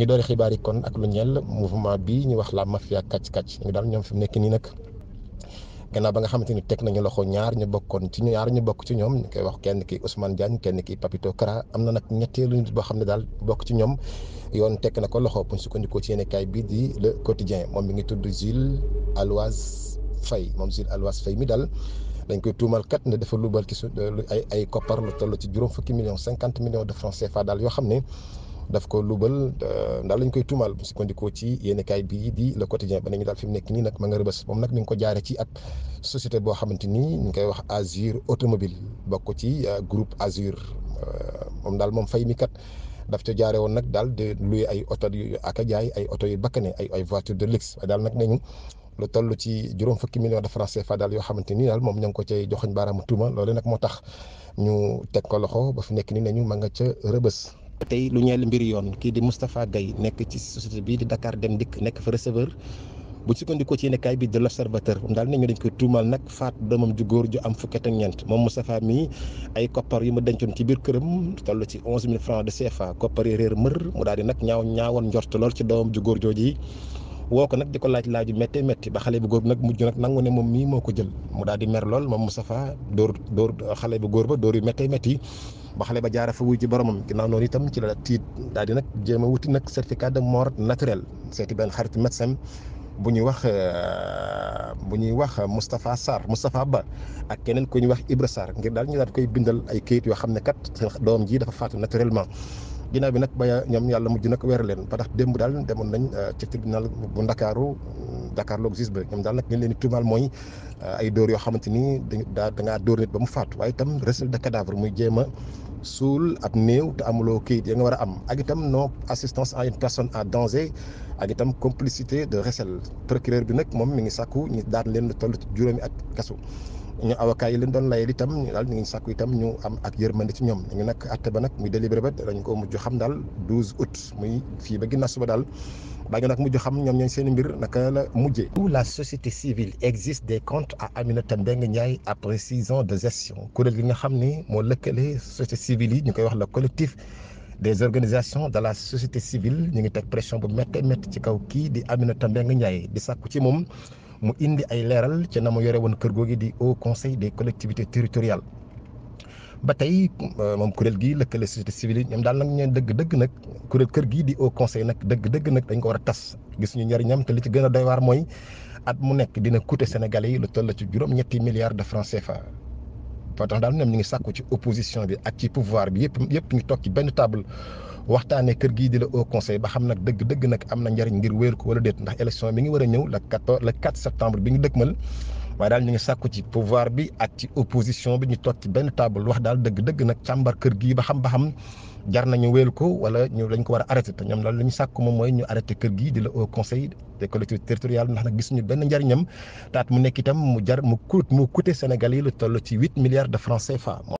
ñu doori xibaar yi kon ak lu ñel mouvement bi ñu wax la mafia kacc kacc ñu daal ñoom fi mu nekk nii nag gannaaw ba nga xamante ni teg nañu loxo ñaar ñu bokkoon ci ñu ñaar ñu bokk ci ñoom koy wax kenn ki Ousmane Diagne kenn ki Papito Kara am na nag ñetteelu nit boo xam ne daal bokk ci ñoom yoon teg na ko loxo bu ñu sukkandikoo ci yenn kaay bii di le quotidien moom mi ngi tudd Gilles Aloise Fay moom Gilles Aloise Fay mi daal dañ koy tuumal kat ne dafa lubal ci ay ay koppar lu toll ci juróom fukki millions 50 millions de francs CFA daal yoo xam ne daf ko lubal euh, daal lañ koy tuumaal bu sukkandikoo ci yenn kaay bii di le quotidien ba nañu daal fi mu nekk nii nag ma nga rëbës moom nag mi ko jaare ci ab société boo xamante ni ñu ngi koy wax Azur automobile bokk ci euh, groupe Azur euh, moom daal moom fay mi daf ca jaare woon nag daal de luy ay oto yu ak a jaay ay oto yu bakkane ay ay voiture de luxe daal nag nañu lu toll ci juróom fukki millions de francs CFA yoo xamante ni daal moom ña ngi ko cay joxoñ baaraamu tuuma loolu nag moo tax ñu teg ko loxo ba fi nekk nii nañu ma nga ca rëbës tey lu ñeel mbir yoon kii di Moustapha Gaye nekk ci société bii di Dakar Dem Dikk nekk fa receveur bu sukkandikoo ci yéenekaay bi de l'Observateur daal nañu dañ koy tuumal nag faat doomam ju góor ju am fukki at ak ñeent moom Moustapha mii ay koppar yu ma dencoon ci biir këram toll ci onze mille francs de CFA koppar yi réer mër mu daal di nag ñaaw ñaawoon njort lool ci doomam ju góor jooju yi woo ko nag di ko laaj laaju métti métti ba xale bu góor bi nag mujj nag nangu ne moom mii moo ko jël mu daal di mer lool moom Moustapha dóor dóor xale bu góor ba dóor yu métti métti ba xale ba jaara fa wuy ji boromam ginnaaw noonu itam ci la tiit daal di nag jéem a wuti nag certificat de mort naturelle seeti benn xarit médecin bu ñuy wax euh, bu ñuy wax Moustapha Sarr Moustapha Ba ak keneen ku ñuy wax Ibra Sarr ngir daal ñu daal koy bindal ay kayit yoo xam ne kat seen doom ji dafa faatu naturellement. ginaaw bi nag ba ñoom yàlla mujj nag weer leen ba tax démb daal demoon nañ eh, ci tribunal bu dakaru mm, dakar loog gis ba ñoom daal nag ñu leen di tribunal mooy eh, ay door yoo xamante ni da dangaa door nit ba mu faatu waaye itam resel de cadavre muy jéem a suul ak néew te amuloo kayit ya nga war a am ak itam non assistance à une personne à danger ak itam complicité de resel procureur bi nag moom mi ngi sàkku ñu daan leen toll ci juróomi at kaso ñu avocat yi leen doon layal itam ñu dal ñu ngi sàkku itam ñu am ak yërmande ci ñoom ñu nak atte ba nak muy délibéré ba dañ ko mujj xam dal 12 août muy fi ba ginnaaw dal ba daañu nak mujj xam ñom ñooy seen mbir nak la mujjé où la société civile existe des comptes à Amina Tambeng Ndiaye après six ans de gestion ko kuréel li nga xam ni moo lëkkale société civile yi ñu koy wax le collectif. des organisations de la société civile ñu ngi tek pression bu metti métti ci kaw ki di Amina Tambeng Ndiaye di sàkku ci mom mu indi ay leeral ci na mu yore woon kër googi di au conseil des collectivités territoriales ba tey euh, moom kuréel gii lëkkale société civile yi ñoom daal nag ñeen dëgg-dëgg nag kuréel kër gii di au conseil nag dëgg-dëgg nag dañ ko war a tas gis ñu ñam te li ci gën a doy waar mooy at mu nekk dina coûter Sénégalais yi lu toll ci juróom-ñetti milliards de francs CFA ba dal daal ñoom ñu ngi sakku ci opposition bi ak ci pouvoir bi yépp yëpp ñu tok ci benn table waxtane kër gi di la au conseil ba xam nak dëgg dëgg nak am na njariñ ngir wër ko wala déet ndax élection mi ngi war a ñëw le 4 le 4 septembre bi ñu dëkkmal waaye daal ñu ngi ci pouvoir bi ak ci opposition bi ñu table wax daal dëgg-dëgg nag càmbar kër gii ba xam ba xam ko wala ñu lañ ko arrêté la mooy ñu arrêté kër au conseil des collectivités territoriales ndax nag gisuñu benn njariñam taat mu nekk itam mu jar mu lu milliards de francs CFA